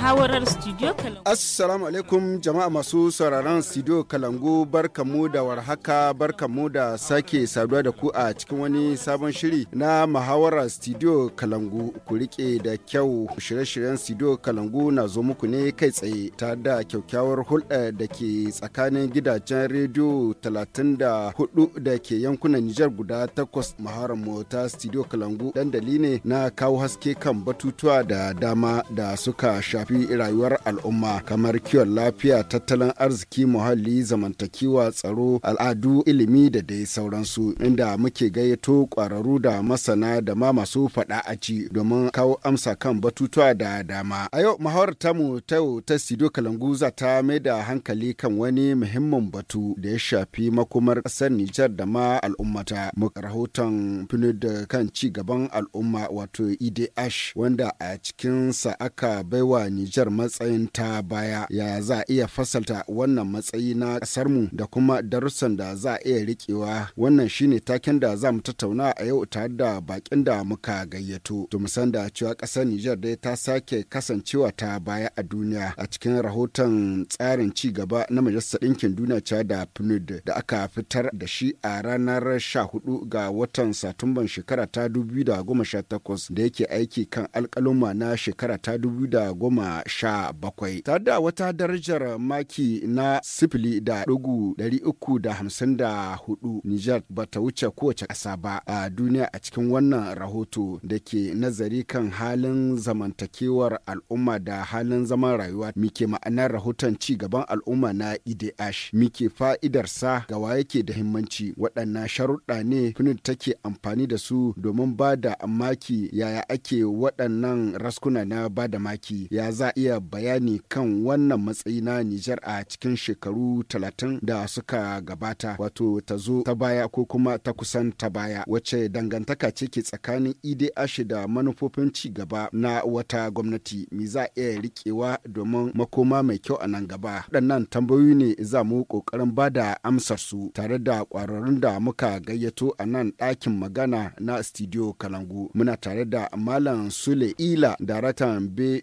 muhawarar studio kalangu assalamu alaikum jama'a masu sauraron studio kalangu barkamu da warhaka barkamu da sake saduwa da ku a cikin wani sabon shiri na muhawarar studio kalangu ku rike da kyau shirye-shiryen studio kalangu na zo muku ne kai tsaye ta da kyakkyawar hulɗa da ke tsakanin gidajen rediyo 34 da ke yankunan nijar guda takwas muhawarar mota studio kalangu dandali ne na kawo haske kan batutuwa da dama da suka shafi shafi rayuwar al'umma kamar kiwon lafiya tattalin arziki muhalli zamantakewa tsaro al'adu ilimi da dai sauransu inda muke gayyato kwararru da masana da ma masu faɗa a ci domin kawo amsa kan batutuwa da dama a yau muhawar tamu ta yau ta sido kalanguza ta mai da hankali kan wani muhimmin batu da ya shafi makomar ƙasar nijar da ma al'ummata rahoton da kan ci gaban al'umma wato idh e wanda a cikinsa aka baiwa Nijar matsayin ta baya ya za a iya fasalta wannan matsayi na ƙasarmu da kuma darussan da za a iya riƙewa wannan shine taken da za mu tattauna a yau tare da bakin da muka gayyato. to musan da cewa ƙasar Nijar dai ta sake kasancewa ta baya a duniya a cikin rahoton tsarin ci gaba na Majalisar Ɗinkin Duniya cewa da PNUD da aka fitar da shi a ranar 14 ga watan Satumban shekara ta 2018 da yake aiki kan alƙaluma na shekara ta 2018. goma sha bakwai. Tare da wata darajar maki na sifili da ɗugu ɗari uku da hamsin da hudu Nijar ba ta wuce kowace ƙasa ba a duniya a cikin wannan rahoto da ke nazari kan halin zamantakewar al'umma da halin zaman rayuwa muke ma'anar rahoton ci gaban al'umma na IDH muke fa'idarsa ga wa yake da himmanci waɗannan sharuɗa ne FNUD take amfani da su domin ba da maki yaya ake waɗannan raskuna na ba da maki ya za a iya bayani kan wannan matsayi na Nijar a cikin shekaru talatin da suka gabata wato ta zo ta baya ko kuma ta kusan ta baya wacce dangantaka ce ke tsakanin ide ashe da manufofin ci gaba na wata gwamnati me za a iya rikewa domin makoma mai kyau a nan gaba waɗannan tambayoyi ne za mu ƙoƙarin ba da amsar su tare da ƙwararrun da muka gayyato a nan ɗakin magana na studio kalangu muna tare da malam sule ila daratan bur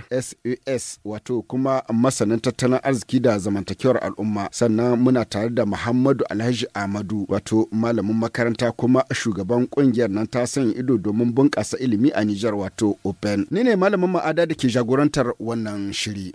SAS wato kuma masanin tattalin arziki da zamantakewar al'umma sannan muna tare da Muhammadu Alhaji Ahmadu wato malamin makaranta kuma shugaban kungiyar nan ta sanya ido domin bunƙasa ilimi a Nijar wato Open. Ni ne malamin ma'ada da ke jagorantar wannan shiri.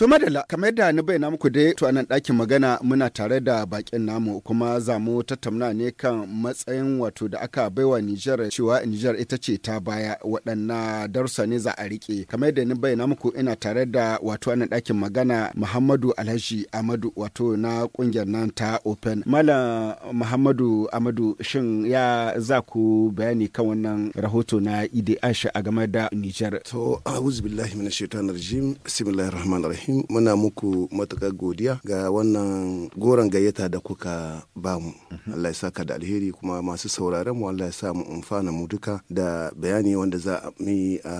To madalla kamar yadda na bayyana muku dai to anan ɗakin magana muna tare da bakin namu kuma za mu tattauna ne kan matsayin wato da aka baiwa Nijar cewa Nijar ita ce ta baya waɗanna darussa ne za a rike. Kamar yadda na bayyana muku ina tare da wato anan ɗakin magana Muhammadu Alhaji Amadu wato na kungiyar nan ta Open. Malam Muhammadu Amadu shin ya za ku bayani kan wannan rahoto na Ide Aisha a game da Nijar. To a'udhu billahi minash shaitanir rajim. Bismillahir rahmanir rahim. zafi muna muku matuƙar godiya ga wannan goron gayyata da kuka bamu mhm. Allah ya saka da alheri kuma masu sauraron mu Allah ya sa mu amfana mu duka da bayani wanda za a mi a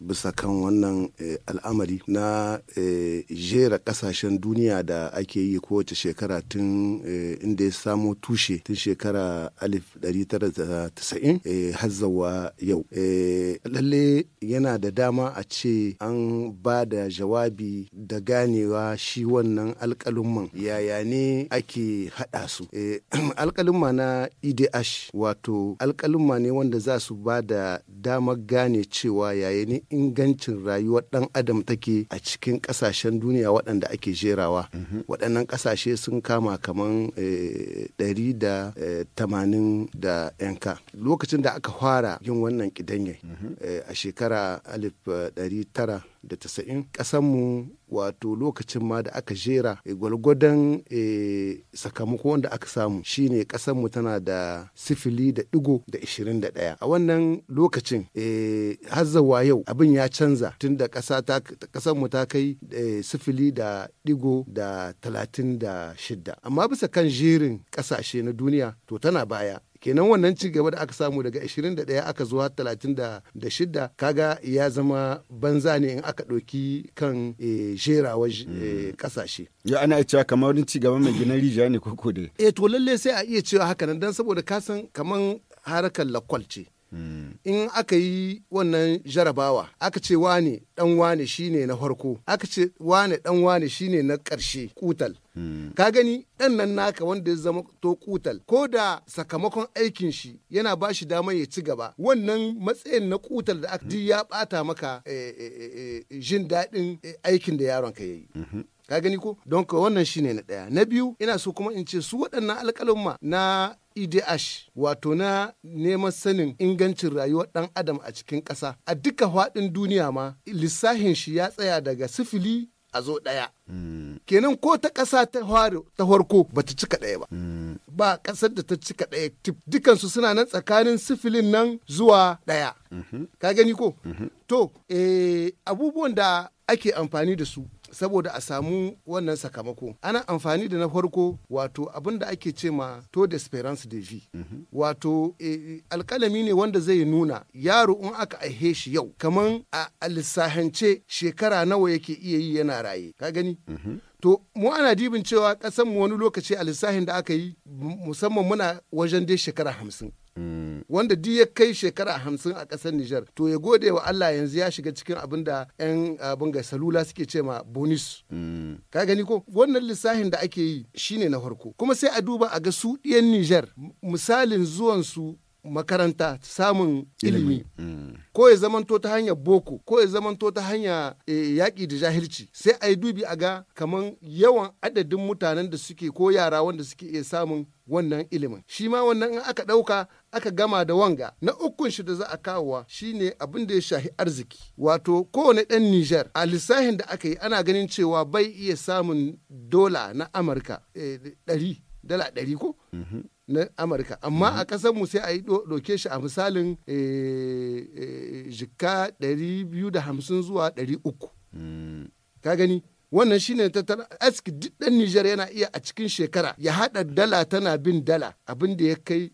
bisa kan wannan eh, al'amari na eh, jera kasashen duniya da ake yi kowace shekara tun eh, inda ya samo tushe tun shekara 1990 har zawa yau lalle yana da dama a ce an ba da jawabi da ganewa shi wannan alƙalumman yaya ne ake haɗa su e, alƙalumma na idh e wato alƙalumma ne wanda za su ba da damar gane cewa yaya ne ingancin rayuwar ɗan adam take a cikin ƙasashen duniya waɗanda ake jerawa mhm. waɗannan ƙasashe sun kama kaman eh, ɗari da eh, tamanin da yanka lokacin da aka fara yin wannan ƙidanye mhm. a shekara alif ɗari tara da tasa'in ƙasanmu wato lokacin ma da aka jera eh, gwalgwadon eh, sakamako wanda aka samu shine ƙasanmu tana da sifili da digo da ishirin da ɗaya a wannan lokacin eh, hazzawa yau abin ya canza tun da ƙasanmu ta kai sifili da digo da talatin da shidda amma bisa kan jerin ƙasashe na duniya to tana baya kenan wannan ci gaba da aka samu daga 21 aka zuwa 36 kaga ya zama banza ne in aka ɗauki kan eh, jerawar eh, hmm. ƙasashe. ya ana cewa kamar wani ci gaba mai gina rijiya ne koko dai. e to lalle sai a iya cewa haka nan don saboda kasan kamar harakar lakwal ce in aka yi wannan jarabawa aka ce wane dan wane shine na farko aka ce wane dan wane shine na karshe. kutal ka gani dan nan naka wanda ya zama to kutal ko da sakamakon aikin shi yana ba shi dama ya ci gaba wannan matsayin na kutal da aka ya bata maka eh, eh, eh, jin daɗin aikin da yaron ka yayi mm-hmm. ka gani ko don wannan shine na ɗaya na biyu ina so kuma in ce su waɗannan alƙalumma na idh e wato na neman sanin ingancin rayuwar ɗan adam a cikin ƙasa a duka faɗin duniya ma lissahin shi ya tsaya daga sifili a zo ɗaya. Hmm. Kenan ko ta ƙasa ta farko ba ta cika ɗaya ba. Hmm. Ba ƙasar da ta cika ɗaya tip dukansu suna nan tsakanin sifilin nan zuwa ɗaya. Mm-hmm. Ka gani ko? Mm-hmm. To, eh, abubuwan da ake amfani da su saboda a samu wannan sakamako ana amfani da na farko wato abin da ake ce ma to desperance de vie mm -hmm. wato e, eh, eh, alkalami ne wanda zai nuna yaro in aka aihe shi yau kaman a lissahance shekara nawa yake iya yi yana raye ka gani mm -hmm. to mu ana dibin cewa kasan wani lokaci a lissahin da aka yi musamman muna wajen dai shekara hamsin wanda duk ya kai shekara hamsin a ƙasar Nijar to ya gode wa Allah yanzu ya shiga cikin abin da 'yan abin ga salula suke ce ma bonus. Ka gani ko wannan lissafin da ake yi shine na farko kuma sai a duba a ga su ɗiyan Nijar misalin zuwan su makaranta samun ilimi ko ya zamanto ta hanyar boko ko ya zamanto ta hanya e, yaƙi da jahilci sai a yi dubi a ga kamar yawan adadin mutanen da suke ko yara wanda suke iya samun wannan ilimin shi ma wannan in aka ɗauka aka gama da wanga na ukun shi da za a kawowa shine abin da ya shahi arziki wato kowane ɗan Nijar a lissahin da aka yi ana ganin cewa bai iya samun dola na Amurka eh, ɗari dala ɗari ko mhm. na Amurka amma mhm. a ƙasar mu sai a yi ɗauke shi a misalin eh, eh, jika ɗari biyu da hamsin zuwa ɗari uku mm. ka gani wannan shine tattalin aski duk dan Nijar yana iya a cikin shekara ya haɗa dala tana bin dala abin da ya kai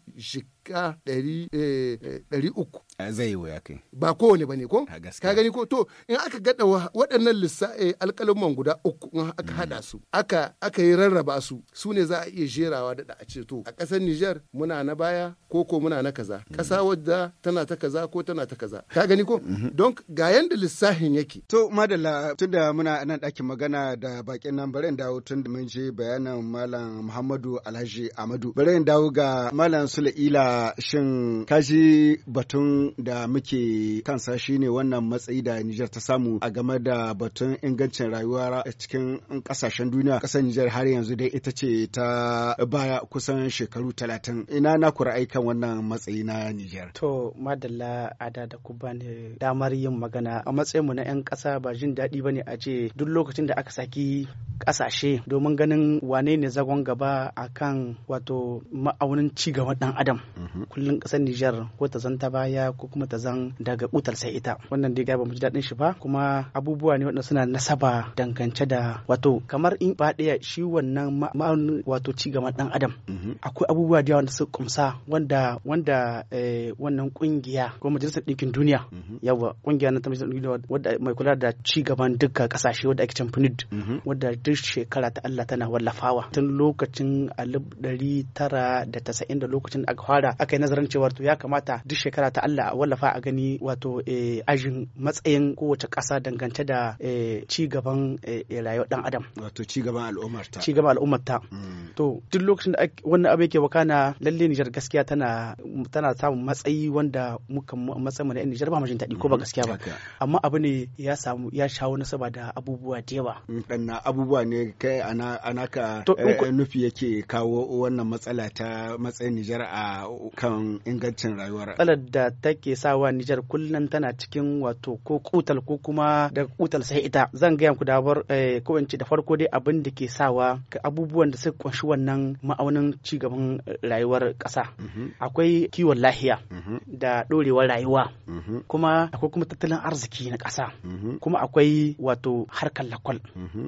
jika eh, ɗari uku Eh, zai wuya kai ba kowane ba ne ko ka gani ko to in aka gada waɗannan lissa eh, alƙalumman guda uku in aka mm. hada su aka aka yi rarraba su su ne za a iya jerawa da a ce to a ƙasar nijar muna na baya ko ko muna na kaza mm. ƙasa wadda tana ta kaza ko tana ta kaza ka gani ko mm-hmm. don ga yanda lissahin yake to madalla tunda muna nan ɗakin magana da baƙin nan bari in dawo tun da mun je bayanan malam Muhammadu Alhaji Amadu bari in dawo ga malam Sula'ila shin kaji batun da muke kansa shine wannan matsayi da Nijar ta samu a game da batun ingancin rayuwa a cikin kasashen duniya. Kasar Nijar har yanzu dai ita ce ta baya kusan shekaru talatin. Ina na ku kan wannan matsayi na Nijar. To madalla ada da ku bani damar yin magana a matsayin mu na 'yan ƙasa ba jin daɗi ba ne a ce duk lokacin da aka saki kasashe domin ganin wane ne zagon gaba a kan wato ma'aunin ci gaban ɗan adam. Mm-hmm. Kullum ƙasar Nijar ko ta zanta baya ko kuma ta zan daga butar sai ita wannan dai ba mu ji daɗin shi ba kuma abubuwa ne waɗanda suna nasaba dangance da wato kamar in ba ɗaya shi wannan ma'aunin wato ci gaba ɗan adam mhm. akwai abubuwa da yawa su kumsa wanda wanda eh, wannan kungiya ko majalisar ɗinkin duniya mhm. yawa kungiya na ta majalisar ɗinkin duniya wadda mai kula da ci gaban dukkan ƙasashe wadda ake can punid. Mhm. wadda duk shekara ta Allah tana wallafawa tun lokacin alif ɗari tara da tasa'in da lokacin da aka fara aka yi nazarin cewa to ya kamata duk shekara ta Allah a wallafa a gani wato eh, ajin matsayin kowace ƙasa dangance da eh, ci gaban eh, rayuwar dan adam wato ci gaban al'ummar ta ci gaban al'ummar ta hmm. to duk lokacin da wannan abu yake wakana lalle Nijar gaskiya tana tana samun matsayi wanda muka matsayin mu na Nijar ba mu jin daɗi ko ba hmm. gaskiya ba amma abu ne ya samu ya shawo nasaba da abubuwa da yawa dan hmm, abubuwa ne kai ana ana ka nufi yake kawo wannan matsala ta matsayin Nijar a kan ingancin rayuwar matsalar da ta ita ke sawa Nijar kullum tana cikin wato ko kutal ko kuma da kutal sai ita zan gaya ku da eh, ko in da farko dai abin da ke sawa ga abubuwan da suka kunshi wannan ma'aunin ci gaban eh, rayuwar ƙasa mhm. akwai kiwon lahiya mhm. da ɗorewar rayuwa mhm. kuma akwai kuma tattalin arziki na kasa kuma akwai wato harkar lakwal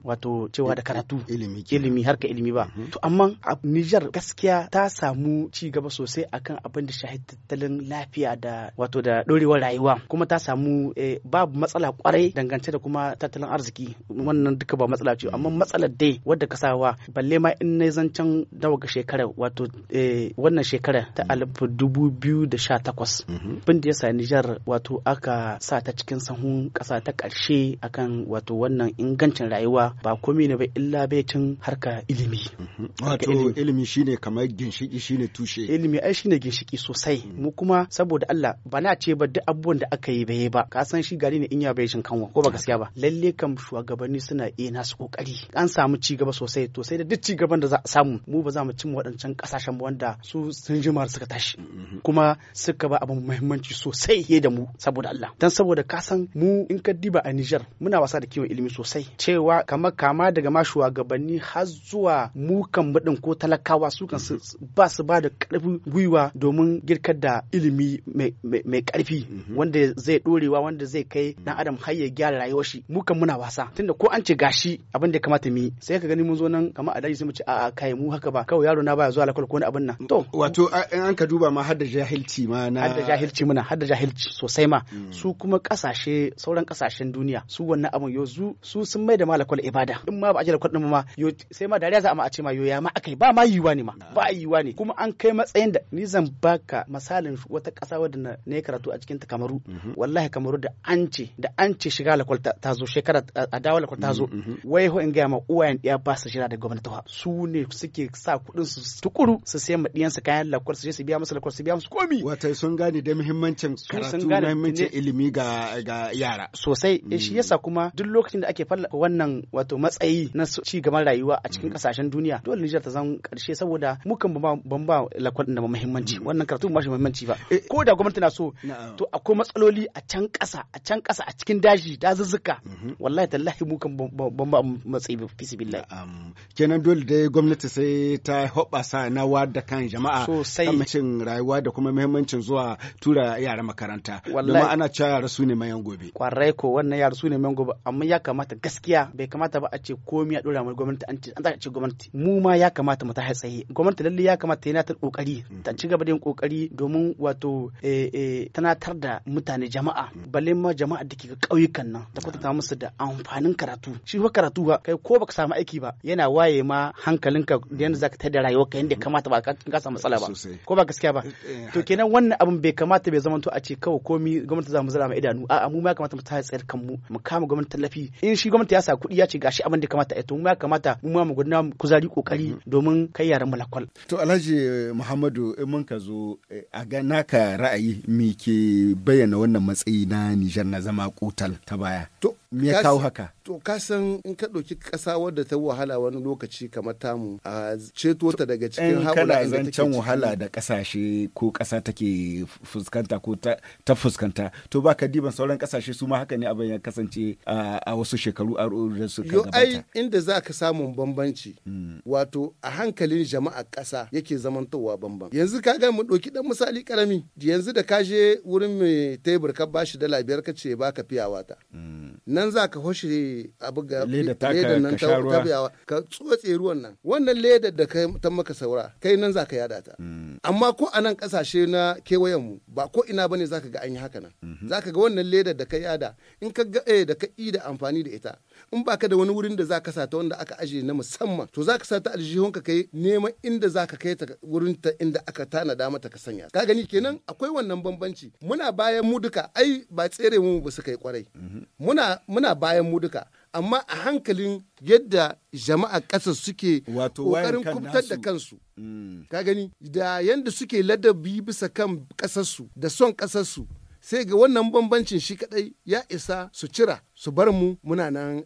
wato cewa da karatu ilimi harkar ilimi ba to amma Nijar gaskiya ta samu ci gaba sosai akan abin da shahi tattalin lafiya da wato da dorewar rayuwa kuma ta samu eh, babu matsala kwarai dangance da kuma tattalin arziki wannan duka ba matsala ce amma matsalar dai wadda ka sawa balle ma in na zancen dawaga shekarar wato eh, wannan shekara ta alif dubu biyu da sha takwas mhm. bin da ya sa Nijar wato aka sa ta cikin sahun kasa ta karshe akan wato wannan ingancin rayuwa ba komi ne ba illa cin harka ilimi. Mhm. Wato ilimi shine kamar ginshiki shine tushe. Ilimi ai shine ginshiki sosai mhm. mu kuma saboda Allah ba na ce ba duk abubuwan da aka yi ba ba ka san shi gari ne in ya bai kanwa ko ba gaskiya ba lalle kam shugabanni suna iya eh, nasu kokari an samu ci gaba sosai to sai da duk ci gaban da za a samu mu ba za mu cimma waɗancan kasashen ba wanda su sun jima suka tashi mm-hmm. kuma suka ba abin muhimmanci sosai fiye da mu saboda Allah dan saboda ka san mu in ka diba a Niger muna wasa da kiwon ilimi sosai cewa kama kama daga ma shugabanni har zuwa mu kan mudin ko talakawa su kan ba su ba da karfi gwiwa domin girkar da ilimi mai mai karfi mhm. wanda zai dorewa wanda zai kai dan mhm. adam har ya gyara rayuwar shi mu kan muna wasa tunda ko an ce gashi abin da kamata mu yi sai ka gani mun zo nan kamar a daji sai mu ce a'a kai mu haka ba kawai yaro na baya zuwa lakwal ko wani abin nan to wato in an ka duba ma har da jahilci ma na har da jahilci muna har da jahilci sosai ma mm. su kuma kasashe sauran kasashen duniya su wannan abin yo su sun mai da malakul ibada in ma ba a ji lakol din ma yo sai ma dariya za a ma a ce ma yo ya ma akai ba ma yiwa ne ma mm. ba yiwa ne kuma an kai matsayin da ni zan baka misalin wata kasa wadda ne karatu a cikin ta kamaru mhm. wallahi kamaru da an ce da an ce shiga lakwal ta zo shekara a dawo lakwal ta zo mhm, mhm. wai ho in ga ma uwayen ɗiya ba su shira da gwamnati su ne suke sa kudin su tukuru su sayan ma su kayan lakwal su je su biya musu lakwal su biya musu komi wata sun gane da muhimmancin karatu muhimmancin ilimi ga ga yara sosai eh, shi mm. yasa kuma duk lokacin da ake fallaka wannan wato matsayi na ci gaban rayuwa a cikin kasashen mm. duniya dole Nijar ta zan karshe saboda mukan ban ba lakwal da muhimmanci mm. wannan karatu ba shi muhimmanci ba eh, ko da gwamnati yana so to akwai matsaloli a can ƙasa a can ƙasa a cikin daji dazuzzuka mhm. wallahi tallahi mu kan ban ba matsayi ba fi sibillah kenan dole dai gwamnati sai ta hoɓasa na da kan jama'a kamacin rayuwa da kuma muhimmancin zuwa tura yara makaranta domin ana cewa yara su ne mayan gobe kwarai ko wannan yara su ne mayan gobe amma ya kamata gaskiya bai kamata ba a ce komai a dora mai gwamnati an ce gwamnati mu ma ya kamata mu ta tsaye gwamnati lalle ya kamata yana ta kokari ta ci gaba da yin kokari domin wato eh, E, tanatar da mutane jama'a balle ma jama'a da ke ga ƙauyukan nan ta kwatanta musu da amfanin karatu shi fa karatu ba kai ko baka samu aiki ba yana waye ma hankalinka da yanda zaka tada ka yanda kamata ba ka samu matsala ba ko ba gaskiya ba eh, eh, to kenan wannan abin bai kamata bai zama to a ce kawai komi gwamnati za mu zura mu idanu a'a mu ma kamata mu ta tsayar kanmu mu kama gwamnati tallafi in shi gwamnati ya sa kuɗi ya ce gashi abin da kamata a to mu ya kamata mu ma mu gudanar kuzari kokari mm-hmm. domin kai yaran mu lakwal to Alhaji Muhammadu in mun ka zo eh, a ga naka ra'ayi me ke bayyana wannan matsayi na Nijar na zama kotal ta baya. To, me ya kawo haka? to ka san in ka ɗauki ƙasa wadda ta wahala wani lokaci kamar tamu a ceto ta daga cikin haula inda take wahala da ƙasashe ko ƙasa take fuskanta ko ta fuskanta to ba ka diban sauran ƙasashe su ma haka ne abin ya kasance a wasu shekaru a da su ka gabata ai inda za ka samun bambanci hmm. wato a hankalin jama'a ƙasa yake zamantowa bamban yanzu ka ga mu ɗauki ɗan misali ƙarami yanzu da ka je wurin mai tebur ka bashi dala biyar ka ce ba ka fiyawa ta hmm. nan za ka hoshe abu ga ledan nan ta tabiyawa ka tsotse ruwan nan wannan ledar da ta maka saura kai nan za ka yada ta hmm. amma ko a nan kasashe na kewayen mu ba ko ina bane zaka ga an yi haka nan zaka ga wannan ledar da ka yada in ka ga eh da ka yi da amfani da ita in baka da wani wurin da zaka sata wanda aka aje na musamman to zaka sata aljihun ka kai neman inda zaka kai ta wurin ta inda aka tanada mata ka sanya ka gani kenan akwai wannan bambanci muna bayan mu duka ai ba tsere mu ba su kai kwarai muna muna bayan mu duka amma a hankalin yadda jama'a ƙasa suke ƙoƙarin kubtar da kansu mm. ka gani da yadda suke ladabi bisa kan ƙasarsu da son ƙasarsu sai ga wannan bambancin shi kadai ya isa su cira su bar mu muna nan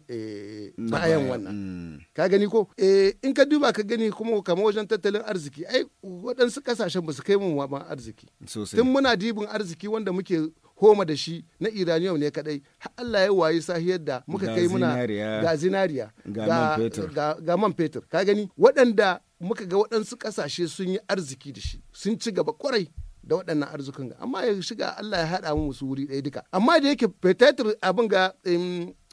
bayan eh, wannan mm. ka gani ko eh, in ka duba ka gani kuma kama wajen tattalin arziki ai waɗansu ƙasashen ba su kai mu ma arziki tun muna dibin arziki wanda muke homa da shi na iranium ne kadai har Allah ya wayi sahiyar da muka kai muna ga zinariya ga man fetur ka gani waɗanda muka ga waɗansu ƙasashe sun yi arziki da shi sun ci gaba kwarai da waɗannan arzikin ga amma ya shiga Allah ya haɗa mu su wuri ɗaya duka amma da yake fetur abin ga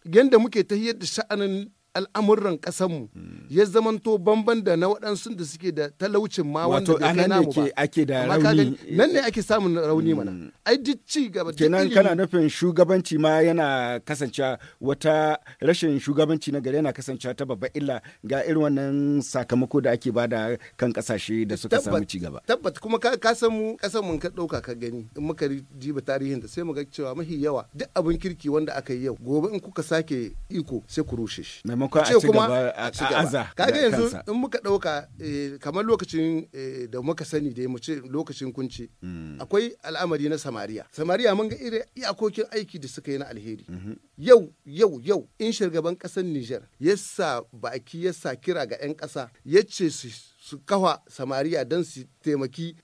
yadda muke ta da sha'anin al'amuran ƙasarmu ya zamanto banban da na waɗansu da suke da talaucin ma wanda da kai namu ba. ake da rauni. Nan ne ake samun rauni mana. Mm. Ai duk ci gaba. Kenan kana nufin shugabanci ma yana kasancewa wata rashin shugabanci na gari yana kasancewa ta babba illa ga irin wannan sakamako da ake bada kan kasashe da suka samu ci gaba. Tabbat kuma ka ka samu ƙasar mun ka ɗauka ka gani in muka jiba tarihin da sai mu ga cewa mahi yawa duk abin kirki wanda aka yi yau gobe in kuka sake iko sai ku rushe shi. maimakon a ci gaba a aza kaga yanzu in muka dauka eh, kamar lokacin eh, da muka sani da mu ce lokacin kunci mm. akwai al'amari na samariya samariya mun ga irin iyakokin aiki da suka yi na alheri mm-hmm. yau yau yau in shugaban kasar Niger yasa baki yasa kira ga 'yan kasa yace su su kafa samariya don su taimaki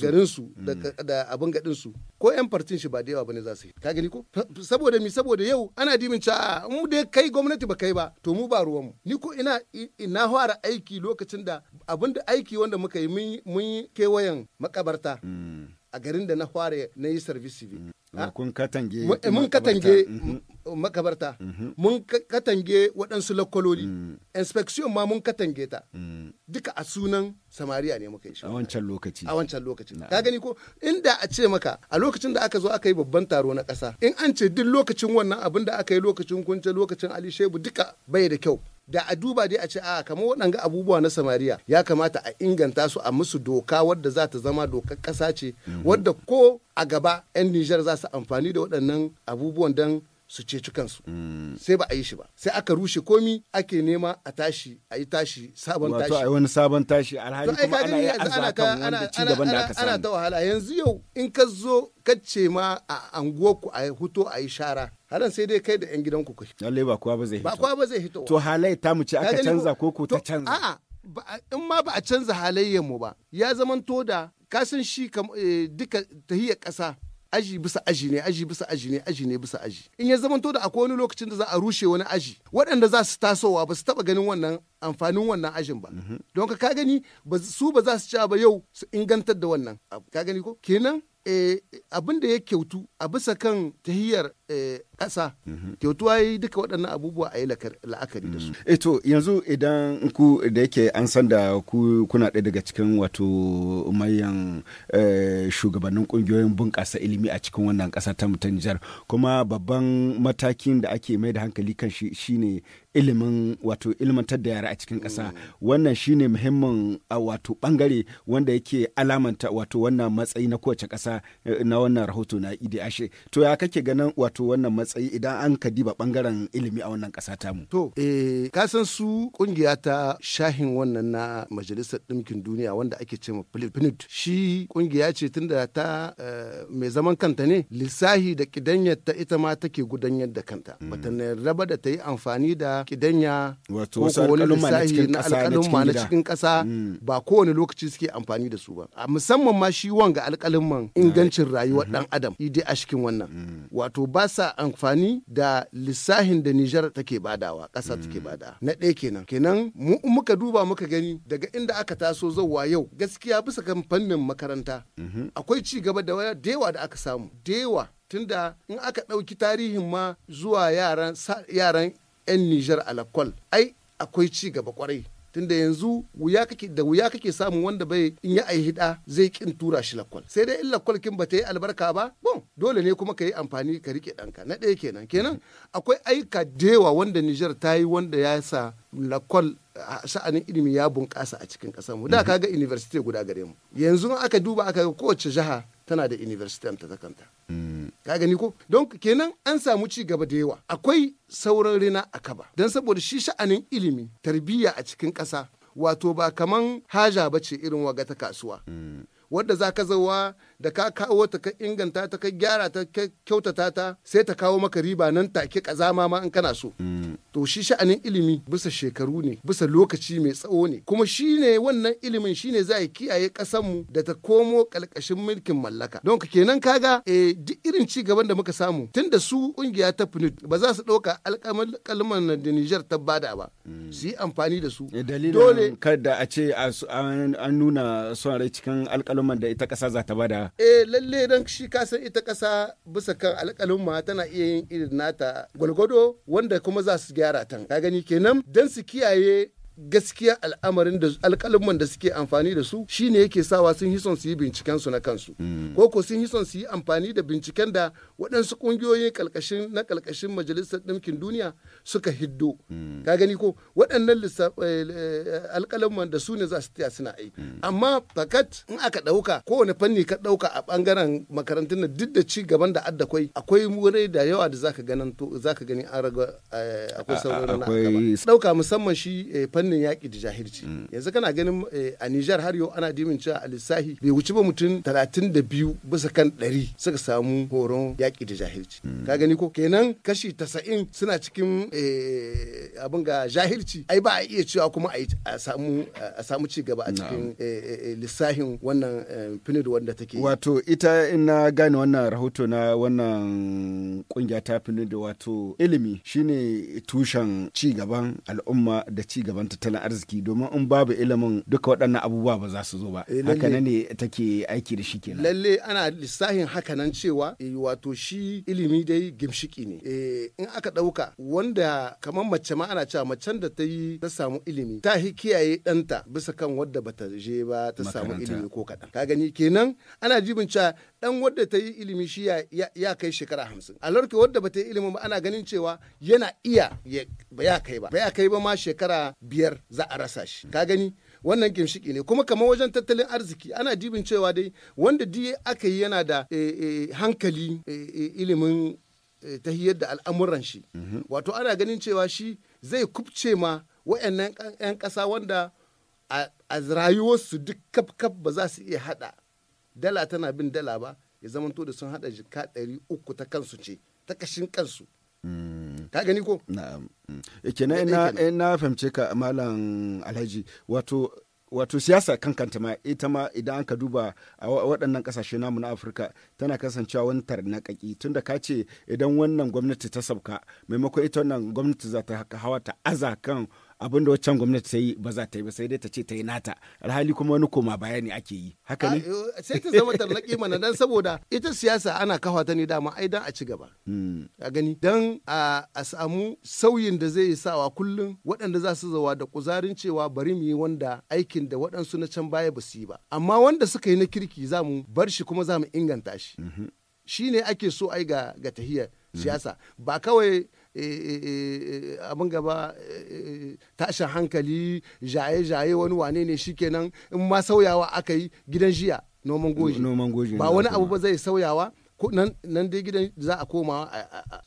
garinsu mm. da abin gadinsu ko 'yan fartin shi ba da yawa bane za su yi ka gani ko saboda mi saboda yau ana dimin ca mu da kai gwamnati ba kai ba to mu ba ruwanmu ni ko ina ina fara aiki lokacin da abin da aiki wanda muka yi mun yi kewayen makabarta mm. a garin da na fara na yi service civil mm. ah, katange mun katange mm-hmm. makabarta mm-hmm. mun katange waɗansu lakwaloli inspection ma mun katange ta duka a sunan samariya ne muka yi shi a wancan lokaci a wancan lokaci ka gani ko inda a ce maka a lokacin da aka zo aka yi babban taro na ƙasa in an ce duk lokacin wannan abin da aka yi lokacin kunce lokacin ali shebu duka bai da kyau da a duba dai a ce a kamar waɗanga abubuwa na samariya ya kamata a inganta su a musu doka wadda za ta zama dokar ƙasa ce mhm. wadda ko a gaba 'yan nijar za su amfani da waɗannan abubuwan don su ceci kansu mm. sai ba a yi shi ba sai aka rushe komi ake nema a tashi a yi tashi sabon tashi wato a wani sabon tashi alhali kuma ana yi arzakan wanda ci gaban da aka samu ana ta wahala yanzu yau in ka zo ce ma a anguwarku a huto a yi shara halan sai dai kai da yan gidanku kai lalle ba kowa ba zai hito ba kowa ba zai hito to halai ta mu ce aka canza ko ko ta canza a'a in ma ba a canza halayyar mu ba ya zamanto da kasan shi eh, duka tahiyar ƙasa aji bisa aji ne aji bisa aji ne aji ne bisa aji in ya zamanto da akwai wani lokacin da za a rushe wani aji waɗanda za su tasowa ba su taɓa ganin wannan amfanin wannan ajin ba mhm. don ka gani su ba za su ci ba yau su ingantar da wannan ka gani ko kenan eh, abin da ya kyautu a bisa kan tahiyar eh, ƙasa kyautu mhm. ai duka waɗannan abubuwa a yi la'akari da su. Mm. eto eh, yanzu idan ku da yake an san da ku kuna ɗaya daga cikin wato manyan eh, shugabannin ƙungiyoyin bunƙasa ilimi a cikin wannan ƙasa ta mutan jihar kuma babban matakin da ake mai da hankali kan shi shine ilimin wato ilimantar da yara a cikin ƙasa mm. wannan shine muhimmin a wato bangare wanda yake alamanta wato wannan matsayi na kowace ƙasa eh, na wannan rahoto na idi ashe to ya kake ganin wato wannan tsayi idan an ka diba bangaren ilimi a wannan kasa tamu. To, eh, kasan su kungiya ta shahin wannan na Majalisar Ɗinkin Duniya wanda ake ce ma PNUD. Shi kungiya ce tunda ta eh, mai zaman kanta ne lissahi da kidanyar ta ita ma take gudanyar da kanta. Mm. Bata ne raba da ta yi amfani da kidanya wato wani lissahi na ma na cikin ƙasa mm. ba kowane lokaci suke amfani da su ba. Musamman ma shi wanga man ingancin rayuwar mm-hmm. ɗan adam. Idai a cikin wannan. Mm. Wato ba sa amfani da lissahin da Nijar take badawa ƙasa take hmm. bada na ɗaya kenan kenan mu muka duba muka gani daga inda aka taso zuwa yau gaskiya bisa kan fannin makaranta mhm. akwai ci gaba da dewa da aka samu dewa tunda in aka ɗauki tarihin ma zuwa yaran yaran 'yan Nijar alakwal ai akwai ci gaba kwarai tunda yanzu wuya kake da wuya kake samu wanda bai in ya ai hida zai kin tura shi lakwal sai dai in lakwal kin bata yi albarka ba bon dole ne kuma ka yi amfani ka rike ɗanka na ɗaya kenan kenan akwai aika dewa wanda Niger ta yi wanda ya sa lakwal sha'anin ilimi ya bunƙasa a cikin ƙasarmu da kaga university guda gare mu yanzu aka duba aka ga kowace jiha tana da university ta kanta hmm. ka gani ko don kenan an samu ci gaba da yawa akwai sauran rina a kaba don saboda shi sha'anin ilimi tarbiyya a cikin ƙasa wato ba kaman haja bace irin waga ta kasuwa mm. wadda za ka zauwa da ka kawo ta ka inganta ta ka gyara ta ka kyautata ta sai ta kawo maka riba nan take kaza ma in kana so mm. to shi sha'anin ilimi bisa shekaru ne bisa lokaci mai tsawo ne kuma shine wannan ilimin shine za a kiyaye mu da ta komo kalkashin mulkin mallaka don kenan kaga eh duk irin ci gaban da muka samu tunda su kungiya ta PNUD ba za su dauka alƙalman da Niger ta bada ba mm. su yi amfani da su eh, dalilin kada a ce an nuna son rai cikin alƙalman da ita ƙasa za ta bada Eh lalle dan shi ka san ita ƙasa bisa kan alƙalin ma tana iya yin irin nata gwalgwado wanda kuma za su gyara tan. Ka gani kenan dan su kiyaye gaskiya al'amarin da alƙalumman da suke amfani da su shine yake sawa sun hison su yi binciken su na kansu hmm. ko ko sun hison su yi amfani da binciken da waɗansu ƙungiyoyin kalkashin na kalkashin majalisar ɗinkin duniya suka hiddo hmm. ka gani ko waɗannan eh, eh, alƙalumman da su ne za su tsaya suna aiki hmm. amma fakat in aka ɗauka kowane fanni ka ɗauka a ɓangaren makarantun nan duk da ci gaban da adda kwai akwai wurai da yawa da zaka ganin to zaka gani an raga eh, akwai sauran na ɗauka musamman shi fanni fannin yaƙi da jahilci mm. yanzu kana ganin eh, a Nijar har yau ana dimin cewa a bai wuce ba mutum talatin da biyu bisa kan ɗari suka samu horon yaƙi da jahilci mm. ka gani ko kenan kashi tasa'in suna cikin eh, abin ga jahilci ai ba a iya cewa kuma a samu a samu ci gaba a cikin eh, lissahin wannan finid wanda take wato ita ina gane wannan rahoto na wannan kungiya ta finid wato ilimi shine tushen ci gaban al'umma da ci gaban ta tattalin arziki domin in babu ilimin duka waɗannan abubuwa ba za su zo ba eh, hakanan ne take aiki da shi kenan lalle ana lissahin hakanan cewa eh, wato shi ilimi dai gimshiki ne eh, in aka ɗauka wanda kamar mace ma ana cewa macen da ta yi ta samu ilimi ta hi kiyaye ɗanta bisa kan wadda bata je ba ta samu ilimi ko kaɗan ka gani kenan ana jibin cewa dan wadda ta yi ilimi shi ya, kai shekara hamsin a larke wadda ba ta yi ilimin ba ana ganin cewa yana iya ba ya kai ba ba ya kai ba ma shekara biyar za a rasa shi ka gani wannan ginshiki ne kuma kamar wajen tattalin arziki ana dibin cewa dai wanda di aka yi yana da eh, eh, hankali eh, ilimin ta hiyar da al'amuran shi mhm. wato ana ganin cewa shi zai kubce ma wa'annan 'yan ƙasa wanda a rayuwarsu duk kaf kaf ba za su iya hada dala tana bin dala ba ya to da sun hada jika ɗari uku ta kansu ce ta kashin kansu mm. ka gani ko na'am mm. na fahimce ka malam alhaji wato wato siyasa kankanta ma ita ma idan an ka duba a waɗannan ƙasashe namu na afirka tana kasancewa wani tarnaƙaƙi tunda ka ce idan wannan gwamnati ta sauka maimakon ita wannan gwamnati za ta hawa ta aza kan abin da waccan gwamnati ta yi ba za ta yi ba sai dai ta ce ta yi nata alhali kuma wani koma baya ne ake yi haka ne eh, sai ta zama tarnaƙi mana dan saboda ita siyasa ana kafa ta ne dama ai dan a ci gaba hmm. a gani dan a samu sauyin da zai sawa kullum waɗanda za su zawa da kuzarin cewa bari mu yi wanda aikin da waɗansu na can baya ba su yi ba amma wanda suka yi na kirki za mu bar shi kuma za mu inganta shi mhm. shi ne ake so ai ga ga tahiyar hmm. siyasa ba kawai Eh, eh, eh, abin gaba tashin hankali jaye-jaye wani wane ne shikenan in ma sauyawa aka yi gidan jiya noman goji ba wani abu ba zai sauyawa nan dai gidan za a koma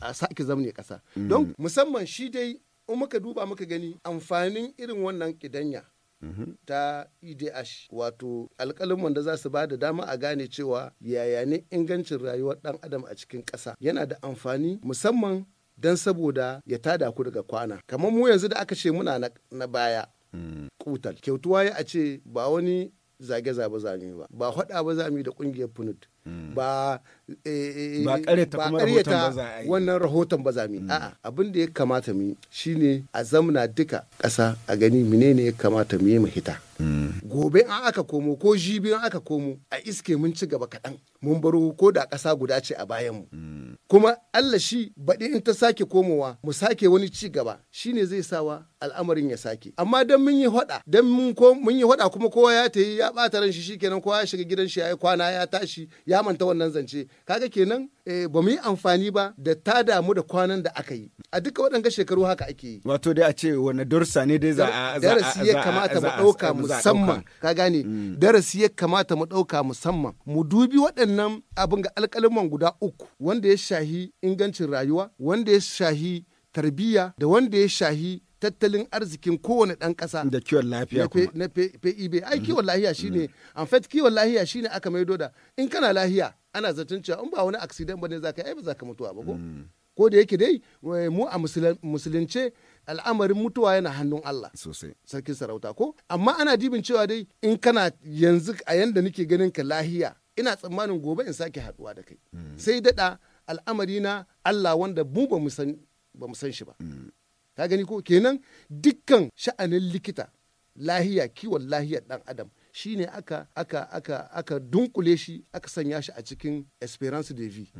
a sake zamne kasa mm. don musamman shi dai in muka duba muka gani amfanin irin wannan kidanya mm-hmm. ta EDH wato alkalin wanda za su ba da dama a gane cewa yaya ne ingancin rayuwar ɗan adam a cikin ƙasa yana da amfani musamman don saboda ya tada ku daga kwana kamar mu yanzu da aka ce muna na, baya hmm. kutal kyautuwa ya a ce ba wani zage-zage ba ba hada ba zami da ƙungiyar punut hmm. ba Eh, eh, ba eh, ƙaryata wannan rahoton ba za mu mm. a'a abin da ya kamata mu shine a zamna duka ƙasa a gani menene ya kamata mu yi mu hita mm. gobe an aka komo ko jibi an aka komo a iske mun ci gaba kaɗan mun baro ko da ƙasa guda ce a bayanmu. Mm. kuma Allah shi baɗi in ta sake komowa mu sake wani ci gaba shine zai sawa al'amarin ya sake amma dan mun yi hoda dan mun ko mun yi hoda kuma kowa ya tayi ya bata ran shi shikenan kowa ya shiga gidan shi ya kwana ya tashi ya manta wannan zance kaga kenan eh, ba mu yi amfani ba da ta damu da kwanan da aka yi a duka waɗanga shekaru haka ake yi wato dai a ce wani darsa ne dai za a darasi ya kamata mu ɗauka musamman ka gane mm. darasi ya kamata mu ɗauka musamman mu dubi waɗannan abin ga alƙalman guda uku wanda ya shahi ingancin rayuwa wanda ya shahi tarbiyya da wanda ya shahi tattalin arzikin kowane ɗan ƙasa da kiwon lafiya kuma. na pib e ai mm-hmm. kiwon lahiya shine an mm-hmm. fait kiwon lahiya shine aka maido da in kana lahiya ana zaton cewa in ba wani ba bane za ka yi ba za ka mutuwa ba ko mm. ko da yake dai eh, mu a musulunce al'amarin mutuwa yana hannun Allah sosai sarkin sarauta ko amma ana dibin cewa dai in kana yanzu a yanda nake ganin ka lahiya ina tsammanin gobe in sake haduwa da kai mm. sai dada al'amari na Allah wanda mu ba mu san ba mu san shi ba mm. ka gani ko kenan dukkan sha'anin likita lahiya kiwon lahiyar dan adam shi aka aka aka aka dunkule shi aka sanya shi a cikin Esperance de Vie.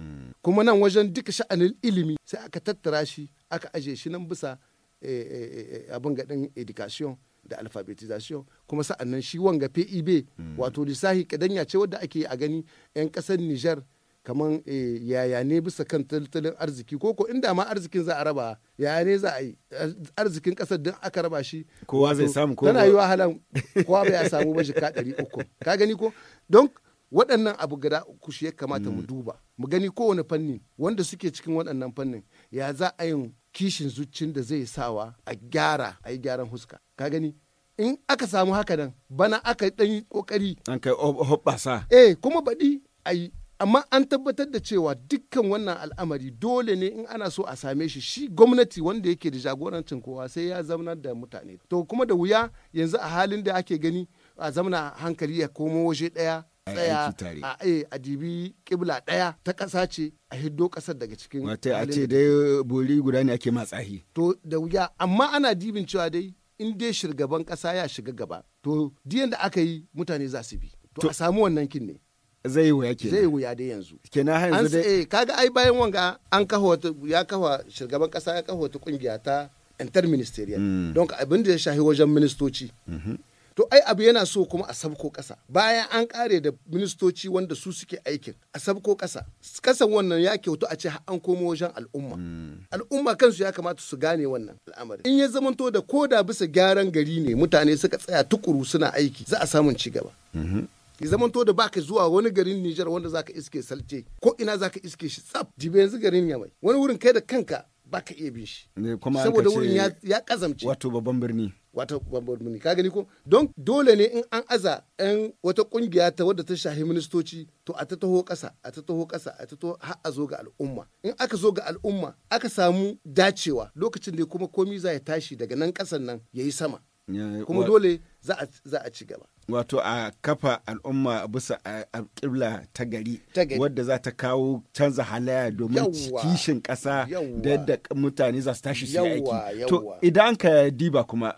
Kuma nan wajen duka sha'anin ilimi sai aka tattara shi aka aje shi nan bisa eh, eh, eh, abin gaɗin education da alphabetization kuma sa'annan shi wanga PIB e hmm. wato lissahi kadanya ce wadda ake a gani 'yan ƙasar Niger kamar eh, yaya ne bisa kan tattalin arziki ko ko inda ma arzikin za a raba yaya ne za a yi arzikin kasar don aka raba shi kowa zai samu kowa tana yi wahalan kowa bai ya samu ba ka ɗari uku ka gani ko don waɗannan abu gada kushi ya kamata mu mm. duba mu gani kowane fanni wanda suke cikin waɗannan fannin ya za a yin kishin zuccin da zai sawa a gyara a yi gyaran huska ka gani in aka samu haka nan bana aka ɗan yi ƙoƙari an kai hoɓɓasa eh kuma baɗi a yi amma an tabbatar da cewa dukkan wannan al'amari dole ne in ana so a same shi shi gwamnati wanda yake da jagorancin kowa sai ya zaunar da mutane to kuma da wuya yanzu a halin da ake gani a zamana hankali ya komo waje daya a eh, a dibi kibla daya ta kasa ce a hiddo kasar daga cikin wata a ce dai bori guda ne ake matsahi to da wuya amma ana dibin cewa dai in dai shirgaban kasa ya shiga gaba to diyan da aka yi mutane za su bi to a samu wannan kin ne zai yi wuya ke zai yi wuya dai yanzu kenan har yanzu dai eh, kaga ai bayan wanga an kafa wata ya kafa shugaban kasa ya kafa wata kungiya ta interministerial hmm. don abin da ya shahi wajen ministoci mhm. to ai abu yana so kuma a sabko kasa bayan an kare da ministoci wanda su suke aikin a sabko kasa kasan wannan ya kyautu a ce an komo wajen al'umma hmm. al'umma kansu ya kamata su gane wannan al'amari in ya zamanto da ko da bisa gyaran gari ne mutane suka tsaya tukuru suna aiki za a samun ci gaba mhm. ya zamanto da baka zuwa wani garin Nijar wanda zaka iske salce ko ina zaka iske shi tsaf jibe yanzu garin Yamai wani wurin kai da kanka baka iya bin shi saboda wurin ya, kazamce wato babban birni babban birni ka gani ko don dole ne in an aza yan wata kungiya ta wadda ta shahi ministoci to a ta taho kasa a ta taho kasa a ta taho har a zo ga al'umma in aka zo ga al'umma aka samu dacewa lokacin da kuma komi za ya tashi daga nan kasan nan ya yi sama kuma dole za a ci gaba wato a kafa al'umma bisa a alƙibla ta gari wadda za ta kawo canza halaya domin kishin ƙasa da yadda mutane za su tashi su aiki to idan ka diba kuma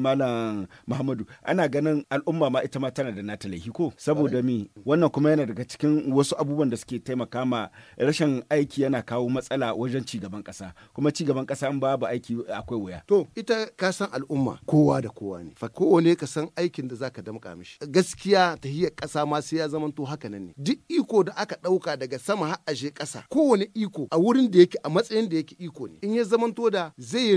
malam muhammadu ana ganin al'umma ma ita ma tana da nata laifi ko saboda mi wannan kuma yana daga cikin wasu abubuwan da suke taimaka ma rashin aiki yana kawo matsala wajen ci gaban ƙasa kuma ci gaban ƙasa in babu aiki akwai wuya to ita ka san al'umma kowa da kowa ne fa kowane ka san aikin da zaka damƙa mishi gaskiya tahiyar kasa ma sai ya zamanto haka nan ne duk iko da aka ɗauka daga sama har ashe kasa kowane iko a wurin da yake a matsayin da yake iko ne in ya zamanto da zai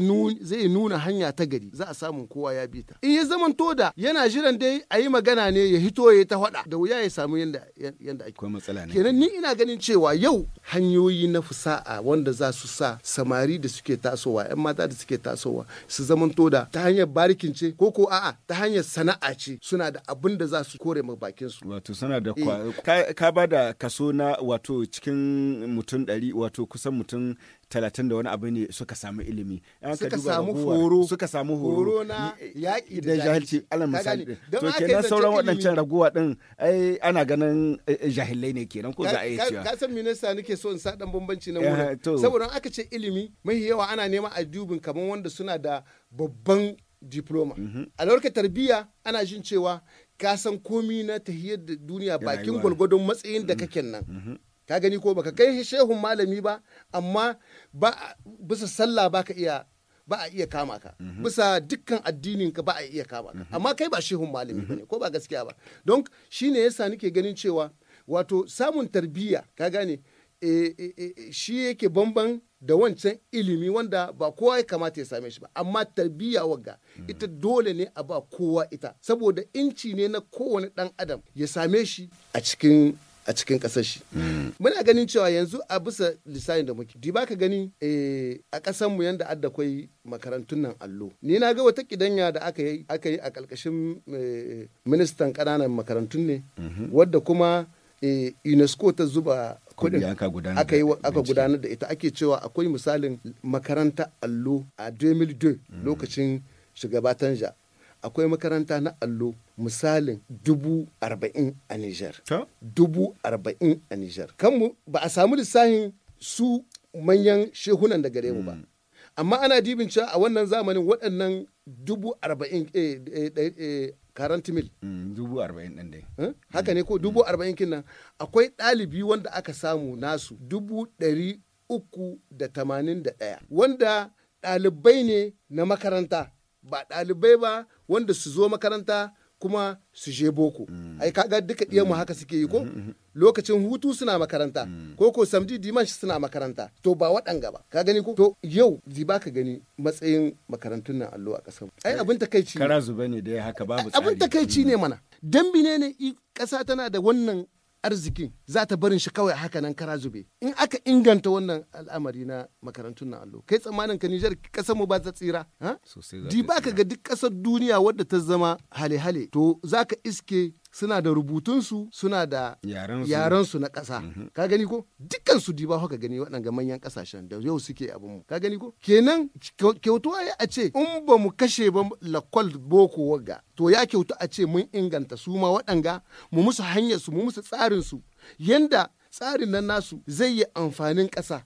nuna hanya ta gari za a samu kowa ya bi ta in ya zamanto da yana jiran dai a yi magana ne ya hito ya ta faɗa da wuya ya samu yanda yanda ake matsala ne kenan ni ina ganin cewa yau hanyoyi na fusa'a wanda za su sa samari da suke tasowa yan mata da suke tasowa su zamanto da ta hanyar barikin ce ko ko a'a ta hanyar hanyar sana'a ce suna da abin da za su kore ma bakin su wato suna da eh. ka, ka ba da kaso na wato cikin mutum ɗari wato kusan mutum talatin da wani abu ne suka samu ilimi suka samu horo suka samu horo na yaƙi da jahilci alal misali to kenan sauran waɗancan raguwa din ai ana ganin eh, eh, jahilai ne kenan ko za a yi cewa ka san minista nake so in sa dan bambanci na wurin saboda aka ce ilimi mai yawa ana neman a dubin kamar wanda suna da babban diploma mhm. a lokacin tarbiyya ana jin cewa ka san komi na tahiyar da duniya bakin gwalgwadon matsayin da mhm. kake nan mhm. ka gani ko baka kai shehun malami ba amma ba bisa sallah ka iya ba a iya kama ka bisa dukkan addinin ka ba a iya kama ka amma kai ba shehun malami ne ko ba gaskiya ba don shine yasa nake ganin cewa wato samun tarbiyya ka gane eh, eh, eh, shi yake bamban da wancan ilimi wanda ba kowa ya kamata ya same shi ba amma tarbiyya wagga hmm. ita dole ne a ba kowa ita saboda inci ne na kowane dan adam ya same shi a cikin a cikin kasar shi. Hmm. Muna ganin cewa yanzu a bisa lissafin da muke. Diba ka gani eh, a ƙasar mu yanda adda kwai makarantun nan allo. Ni na ga wata kidanya da aka yi aka yi a ƙarƙashin eh, ministan ƙananan makarantun ne hmm. wadda kuma eh, UNESCO ta zuba kuɗin aka gudanar da ita ake cewa akwai misalin makaranta allo a 2002 mm. lokacin shugaba tanja akwai makaranta na allo misalin dubu arba'in a Nijar. Dubu arba'in a Nijar. Kanmu ba a samu lissahin su manyan shehunan da gare mu ba. Mm. Amma ana dibin cewa a wannan zamanin waɗannan dubu arba'in eh, eh, eh, karanti mil. Mm, dubu arba'in ɗin dai. Eh? haka ne ko mm, dubu mm. arba'in kin nan akwai ɗalibi wanda aka samu nasu dubu ɗari uku da tamanin da ɗaya wanda ɗalibai ne na makaranta ba ɗalibai ba wanda su zo makaranta kuma su je boko mm. ai kaga duka ɗiyan mu mm. haka suke yi ko mm-hmm, mm-hmm. lokacin hutu suna makaranta mm. ko ko samdi dimash suna makaranta to ba waɗanga ba ka gani ko to yau ba ka gani matsayin makarantun nan allo a ƙasar ai abin takaici kara zuba ne dai haka babu tsari abin takaici ne mana dambi ne ne ƙasa tana da wannan arzikin za ta barin shi kawai haka nan kara zube in aka inganta wannan al'amari na makarantun na allo kai tsammanin ka Nijar kasar mu ba ta tsira di ba ka ga duk kasar duniya wadda ta zama hale-hale to zaka iske suna da rubutunsu suna da yarensu na ƙasa mhm. ka gani ko dukkan su diba haka gani waɗanga manyan ƙasashen da yau suke abin mu ka gani ko kenan kyautu a ce in ba mu kashe ba lakwal boko waga. to ya kyautu a ce mun inganta su ma waɗanga mu musu hanyar su mu musu tsarin su yanda tsarin nan nasu zai yi amfanin ƙasa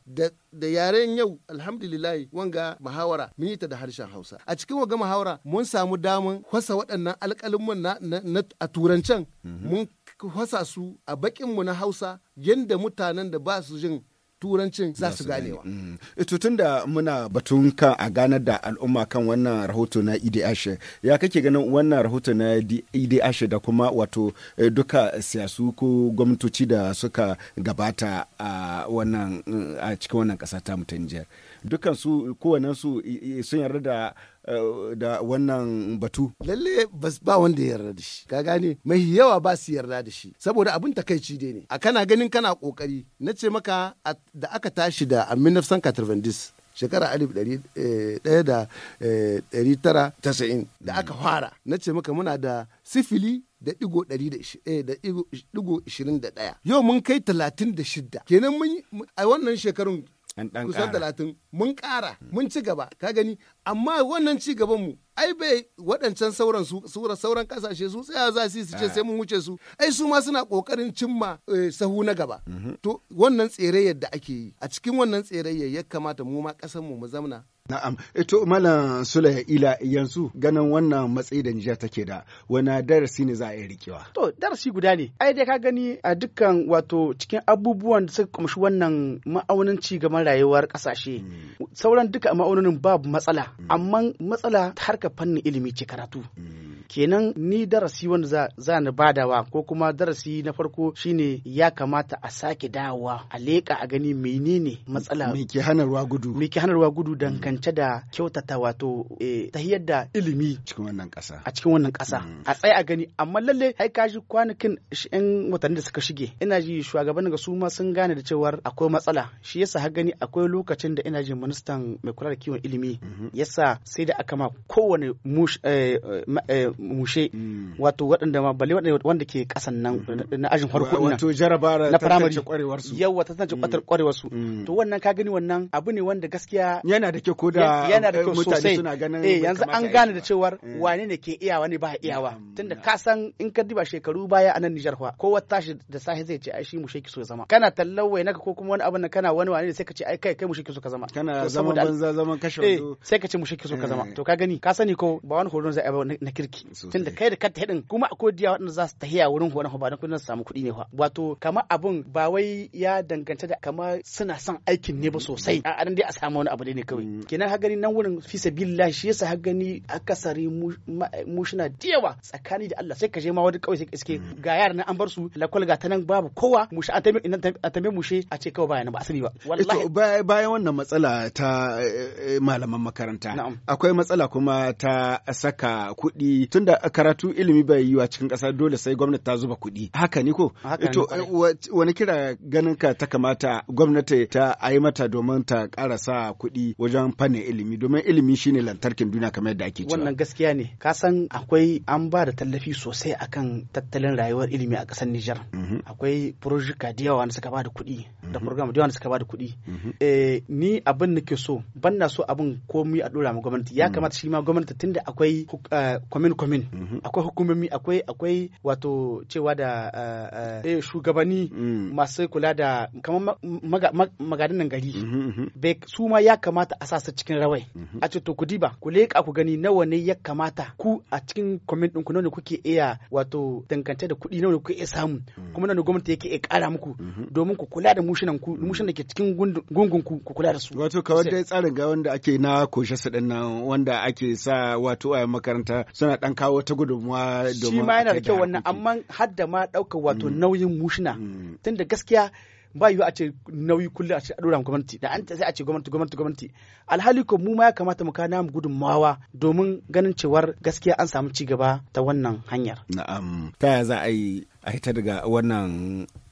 da yaren yau alhamdulillahi wanga muhawara mun ta da harshen hausa a cikin wanga muhawara mun samu daman kwasa waɗannan alƙalin na, na, a turancen mhm. mun kwasa su a baƙinmu na hausa yadda mutanen da ba su jin turancin za su ganewa. Ito mm. tun da muna batun kan a ganar da al'umma kan wannan rahoto na Idi Ashe, ya kake ganin wannan rahoto na Idi Ashe da kuma wato eh, duka siyasu ko gwamnatoci da suka gabata a wannan a cikin wannan ƙasa ta mutan jihar. Dukansu kowannensu sun yarda da Eh, da wannan batu lalle ba wanda ya yarda da shi ka gane mai yawa ba su yarda da shi saboda abin takaici dai ne a kana ganin kana kokari na ce maka da aka tashi da amina san katarvandis shekara alif eh, ɗaya da eh, ɗari tara tasa'in da aka fara na ce maka muna da sifili da ɗigo ɗari da ɗigo ishirin da ɗaya yau mun kai talatin da shidda kenan mun a wannan shekarun kusan mun ƙara hmm. mun ci gaba ka gani amma wannan ci gaban mu ai bai waɗancan sauran su sauran kasashe su tsaya za su ce ah. sai mun wuce su ai su ma suna ƙoƙarin cimma eh, sahu na gaba mm-hmm. to wannan tsere yadda ake yi a cikin wannan tsere ya kamata mu ma ƙasar mu mu zamna Na'am, ito eh, Malam Sula Ila yanzu ganin wannan matsayi da Nijar take da wani darasi ne za a yi rikewa. To, darasi guda ne. Ai dai ka gani a dukkan wato cikin abubuwan da suka kumshi wannan ma'aunin ci gaban rayuwar kasashe. Mm. Sauran duka ma'aunin babu matsala, mm. amma matsala ta harka fannin ilimi ce karatu. Mm. kenan ni darasi wanda za, za ni badawa ko kuma darasi na farko shine ya kamata a sake dawowa a leƙa a gani menene matsala me ke hanarwa gudu me ke hanarwa gudu dangance da kyautata wato e, eh, tahiyar da ilimi cikin wannan ƙasa a cikin wannan ƙasa mm. a tsaya a gani amma lalle ai kaji kwanakin yan watanni da suka shige ina ji shugaban ga su ma sun gane da cewar akwai matsala shi yasa har gani akwai lokacin da ina ji ministan mai kula da kiwon ilimi mm-hmm. yasa sai da aka ma kowane eh, eh, mushe mm. wato waɗanda ma bale wanda ke kasan nan mm-hmm. na ajin farko ina wato jarabara na primary kwarewar su yawa ta tantance kwatar kwarewar su to wannan ka gani wannan abu ne wanda gaskiya yana da kyau ko da yana da kyau sosai eh yanzu an gane da cewar mm. wane ne ke iyawa ne ba iyawa mm. tunda ka san in ka diba shekaru baya a nan Niger fa kowa tashi da sahi zai ce ai shi mushe ki so zama kana tallawai naka ko kuma wani abu na kana wani wane ne sai ka ce ai kai kai mushe ki so ka zama kana zama banza zaman kashe eh, sai ka ce mushe ki so ka zama eh. to ka gani ka sani ko ba wani horon zai ba na kirki tunda kai da ka hidin kuma akwai diya waɗanda za su tahiya wurin hu ba don kudin samu kuɗi ne fa wato kama abun ba wai ya danganta da kama suna son aikin ne ba sosai a dai a samu wani abu ne kawai mm. kenan hagani nan wurin fi sabilillah shi yasa hagani akasari sari mushina diyawa tsakani da Allah sai ka je ma wani kawai sai iske mm. ga nan an bar su lakwal ga ta nan babu kowa mushi an tabe a tabe mushe a ce kawai bayan ba asali ba eh, wallahi bayan wannan matsala ta eh, eh, malaman makaranta akwai matsala kuma ta saka kuɗi tun da karatu ilimi bai yiwa cikin ƙasa dole sai gwamnati ta zuba kuɗi haka ne ko to wani kira ganin ka ta kamata gwamnati ta ayi mata domin ta ƙara sa kuɗi wajen fannin ilimi domin ilimi shine lantarkin duniya kamar yadda ake cewa wannan gaskiya ne ka san akwai an ba da tallafi sosai akan tattalin rayuwar ilimi a ƙasar Nijar mhm. akwai projika da yawa suka ba da kuɗi mhm. da program da yawa suka ba da kuɗi mhm. eh, ni abin nake so ban so abin komai a dora ma gwamnati ya kamata shi ma gwamnati tunda akwai kwamin eh, komin mhm. akwai hukumomi akwai akwai wato cewa da ah, ah, eh, shugabanni mm. masu kula da kamar magadanan gari mhm, mhm. su ma ya kamata a sasa cikin rawai a ce to ku diba ku leƙa ku gani nawa ne ya kamata ku a cikin ɗin ku nawa ne kuke iya wato dangance da kuɗi nawa ne kuke iya samu mm. kuma nawa ne gwamnati yake iya ƙara muku domin ku kula da mushinan ku mm. mushinan da ke cikin gungun ku ku kula da su wato kawai dai tsarin ga wanda ake na koshe su ɗin nan wanda ake sa wato a makaranta suna ɗan kawo ta gudunmuwa domin shi ma yana da kyau wannan amma har da ma ɗaukar wato mm. nauyin mushina mm. tunda gaskiya ba yiwu a ce nauyi kullum a ce a dora gwamnati da an sai a ce gwamnati gwamnati gwamnati alhali ko mu ma ya kamata mu kana mu gudunmawa domin ganin cewar gaskiya an samu ci gaba ta wannan hanyar na'am ta za a yi a hita daga wannan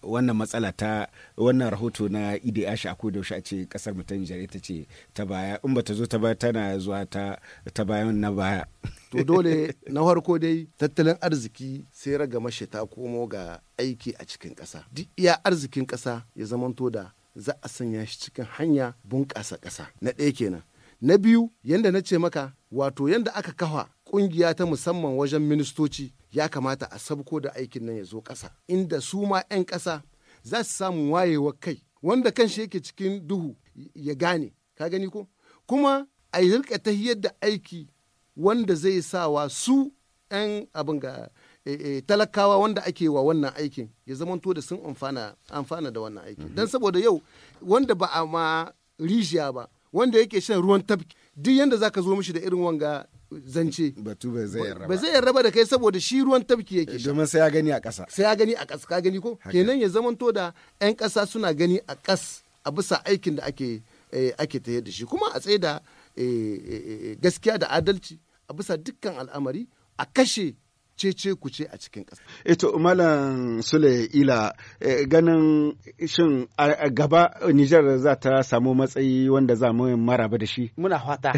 wannan matsala ta wannan rahoto na idi ashi a koda a ce kasar mu ta ita ce ta baya in bata zo ta baya tana zuwa ta ta bayan na baya to dole na farko dai tattalin arziki sai raga mashi ta komo ga aiki a cikin ƙasa duk iya arzikin ƙasa ya zamanto da za a sanya shi cikin hanya bunƙasa ƙasa na ɗaya kenan na biyu yanda na ce maka wato yanda aka kafa ƙungiya ta musamman wajen ministoci ya kamata a sabko da aikin nan ya zo ƙasa inda su ma 'yan ƙasa za su samu wayewa kai wanda kan shi yake cikin duhu ya gane ka gani ko kuma a yi rika tahiyar da aiki wanda zai sawa su 'yan abin ga e, e, talakawa wanda ake wa wannan aikin ya zamanto da sun amfana da wannan aikin mhm. don saboda yau wanda ba a ma rijiya ba wanda yake shan ruwan tafki duk yanda ka zo mishi da irin wanga zance batu ba zai yarraba ba zai yarraba da kai saboda shi ruwan tafki yake shi domin sai ya gani a ƙasa sai ya gani a ƙasa ka gani ko kenan ya to da ƴan ƙasa suna gani a ƙas a bisa aikin da ake eh, ake tayar da shi kuma a tsaye da eh, eh, gaskiya da adalci a bisa dukkan al'amari a kashe cece ku ce a cikin ƙasa. Eto eh Malam Sule Ila eh, ganin shin a gaba Nijar za ta samu matsayi wanda za mu maraba da shi. Muna fata,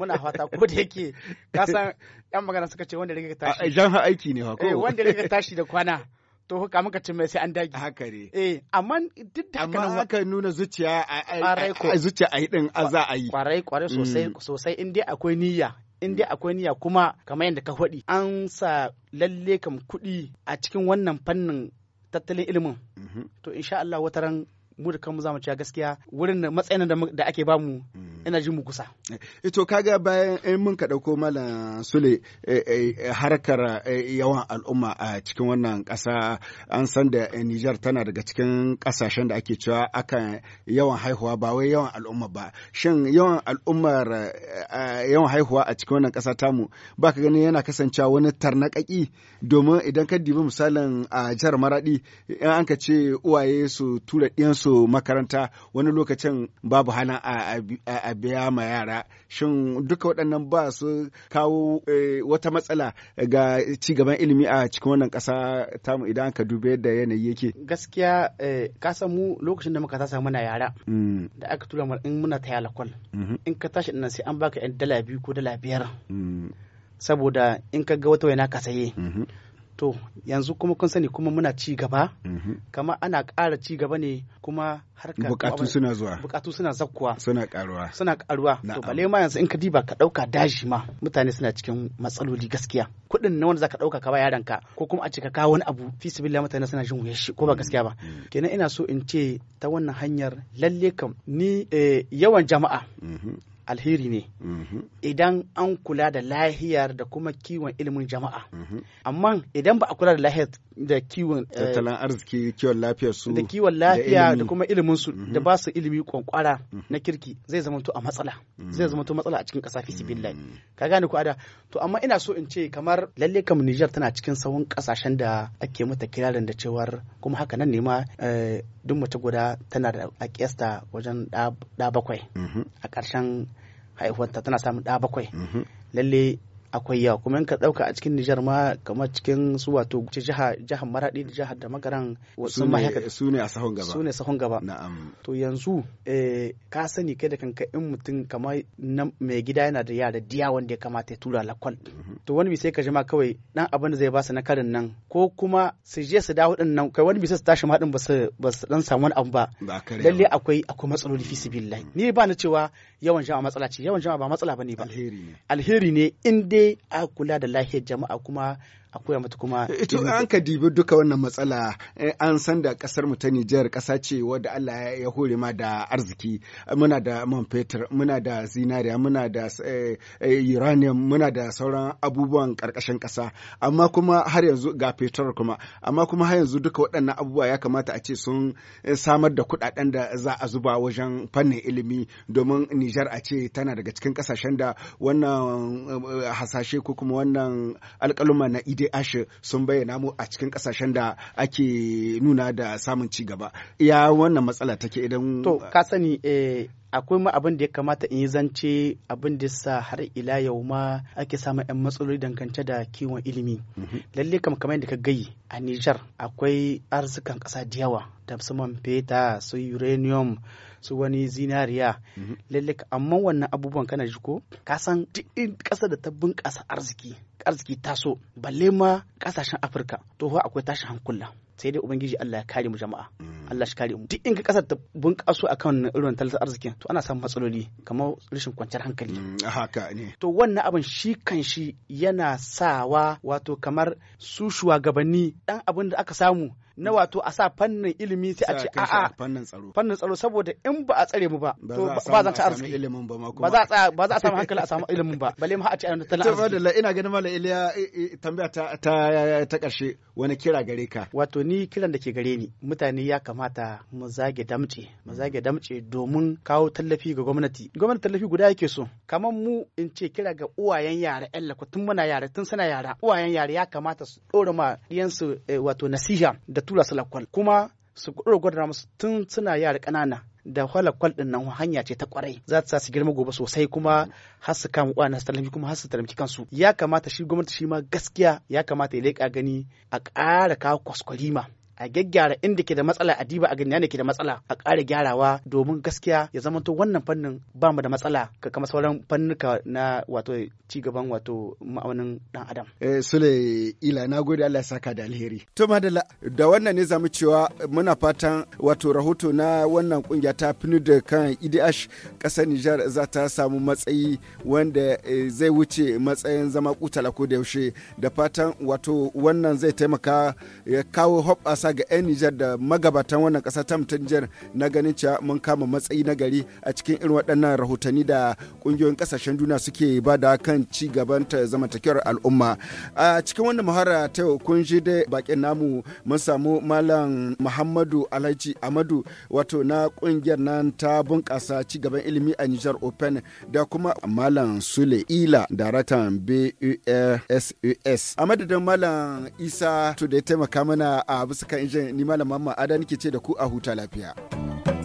muna fata ko da yake kasan yan magana suka ce wanda rage tashi. Jan ha aiki ne ko? Eh, wanda rage tashi da kwana. to haka muka ce mai sai an dage haka ne eh amma duk da haka aka nuna zuciya a zuciya a yi din a za a yi kwarai kwarai sosai mm. sosai in dai akwai niyya in dai akwai niyya kuma kamar yadda ka faɗi an sa lalle kam kuɗi a cikin wannan fannin tattalin ilimin mhm. to insha Allah wataran mu da kanmu zamu ci gaskiya wurin matsayin da ake bamu mhm. ina ji mu kusa eh, to kaga bayan in mun ka dauko malam sule eh, eh, harkar yawan al'umma a cikin wannan ƙasa an san da Nijar tana daga cikin ƙasashen da ake cewa akan yawan haihuwa ba wai yawan al'umma ba shin yawan al'ummar yawan haihuwa a cikin wannan ƙasa tamu ba ka gani yana kasancewa wani tarnaƙaƙi domin idan ka dibi misalin a jihar Maraɗi in an ka ce uwaye su tura ɗiyansu makaranta wani lokacin babu hana a biya ma yara shin duka waɗannan ba su kawo eh, wata matsala ga ci gaban ilimi a cikin wannan ƙasa tamu idan ka dube yadda yanayi yake gaskiya eh, ka san mu lokacin da muka tasa muna yara mm. da aka tura in muna ta yalakwal mm-hmm. in ka tashi nan sai an baka yan dala biyu ko dala biyar mm. saboda in ka ga wata waina ka saye mm-hmm. to yanzu kuma kun sani kuma muna ci gaba mhm. kama ana ƙara ci gaba ne kuma harkar bukatu suna zuwa bukatu suna zakkuwa suna karuwa suna karuwa to bale ma yanzu in ka diba ka dauka dashi ma mutane suna cikin matsaloli gaskiya kuɗin na wanda zaka dauka ka ba yaranka ko kuma a cika kawo wani abu fi sibilla mutane suna jin wuyar ko ba mm-hmm. gaskiya ba mm-hmm. kenan ina so in ce ta wannan hanyar lalle kam ni eh, yawan jama'a mm-hmm. alheri ne mhm. idan an kula da lahiyar da kuma kiwon ilimin jama'a mhm. amma idan ba a kula da lahiyar da kiwon eh, tattalin arziki kiwon lafiya su da kiwon lafiya da kuma ilimin su mhm. da ba su ilimi kwankwara na kirki zai zama to a matsala zai zama to matsala a cikin kasa fi sibillahi ka gane ku ada to amma ina so in ce kamar lalle kam Niger tana cikin sawun kasashen da ake mata kirarin da cewar kuma haka nan ne ma eh, duk mace guda tana da a wajen ɗa bakwai mhm. a ƙarshen haihuwarta tana samun ɗa bakwai mhm. lalle akwai yawa kuma in ka dauka a cikin Nijar ma kamar cikin su wato jihar jihar Maradi da jihar da Magaran sun ma haka su ne a sahun gaba su ne sahun gaba na'am to yanzu eh ka sani kai da kanka in mutum kamar na mai gida yana da yara diya wanda ya kamata ya tura lakon mhm. to wani bi sai ka jima kawai dan abin da zai ba su na karin nan ko kuma su je su dawo din nan kai wani bi sai su tashi ma din ba su dan samu wani abu ba lalle akwai akwai matsaloli fi sibillahi mhm. ni ba na cewa yawan jama'a matsala ce yawan jama'a ba matsala bane ba alheri ne alheri ne in dai a kula da lafiyar jama'a kuma a mata kuma ito eh, an ka dibi duka wannan matsala eh, an san da kasar mu ta Nijar kasa ce wadda Allah ya hore ma da arziki muna da man fetur muna da zinariya muna da eh, uranium muna da sauran abubuwan karkashin kasa amma kuma har yanzu ga fetur kuma amma kuma har yanzu duka waɗannan abubuwa ya kamata a ce sun samar da kuɗaɗen da za a zuba wajen fannin ilimi domin Nijar a ce tana daga cikin kasashen da wannan hasashe ko kuma wannan alƙaluma na ashe sun bayyana mu a cikin kasashen da ake nuna da samun ci gaba ya wannan matsala take idan to ka sani eh, akwai ma abin da ya kamata in yi zance abin da sa har ila yau ma ake samun 'yan matsaloli dangance da kiwon ilimi mhm. lalle kam kamar yadda ka gayi a Nijar akwai arzikan ƙasa da yawa da musamman feta su uranium su wani zinariya mhm. lalle amma wannan abubuwan kana ji ko ka san duk in ƙasa da ta bunƙasa arziki arziki taso balle ma ƙasashen afirka to akwai tashin hankula sai dai ubangiji allah ya kare mu jama'a mm. Allah shi kare mu duk in ka kasar ta bunƙaso akan irin talatar arzikin to ana samun matsaloli kamar rashin kwanciyar hankali mm, haka ne to wannan abin shi kan shi yana sawa wato kamar su shugabanni dan abin da aka samu na wato a sa fannin ilimi sai a ce a a fannin tsaro fannin tsaro saboda in ba a tsare mu ba to ba zan ci arziki ilimin ba ma ba za a ba za a samu hankali a samu ilimin ba balle ma a ce a tattalin arziki to ina ganin mallam Iliya tambaya ta ta ta karshe wani kira gare ka wato ni kiran da ke gare ni mutane ya kama. kamata mu zage damce mu zage damce domin kawo tallafi ga gwamnati gwamnati tallafi guda yake so kamar mu in ce kira ga uwayen yara yan tun muna yara tun suna yara uwayen yara ya kamata su ɗora ma ɗiyansu eh, wato nasiha da tura su lakwal kuma su ɗora gwada musu tun suna yara ƙanana da kwalakwal din nan hanya ce ta kwarai za ta sa su girma gobe sosai kuma har su kama uwa su kuma har su talamci kansu ya kamata shi gwamnati shi ma gaskiya ya kamata ya leƙa gani a ƙara kawo kwaskwalima. a gyaggyara inda ke da matsala a diba a gani ne ke da matsala a ƙara gyarawa domin gaskiya ya zama to wannan fannin ba mu da matsala ka kama sauran fannuka na wato ci gaban wato ma'aunin dan adam. Eh, Sule ila na gode Allah ya saka da alheri. To madalla da wannan ne zamu cewa muna fatan wato rahoto na wannan kungiya ta fini da kan IDH ƙasar Nijar za ta samu matsayi wanda eh, zai wuce matsayin zama kutala ko da yaushe da fatan wato wannan zai taimaka ya kawo hoɓɓasa sa ga 'yan Nijar da magabatan wannan kasa ta Nijar na ganin cewa mun kama matsayi na gari a cikin irin waɗannan rahotanni da ƙungiyoyin ƙasashen duniya suke ba da kan ci gaban ta ta al'umma. A cikin wannan muhara ta kun ji da bakin namu mun samu Malam Muhammadu Alhaji Amadu wato na ƙungiyar nan ta bunƙasa ci gaban ilimi a Nijar Open da kuma Malam Sule Ila daraktan BUSUS. A madadin Malam Isa to da ya taimaka mana a bisa haka in ni malam mamma ada ke ce da ku a huta lafiya.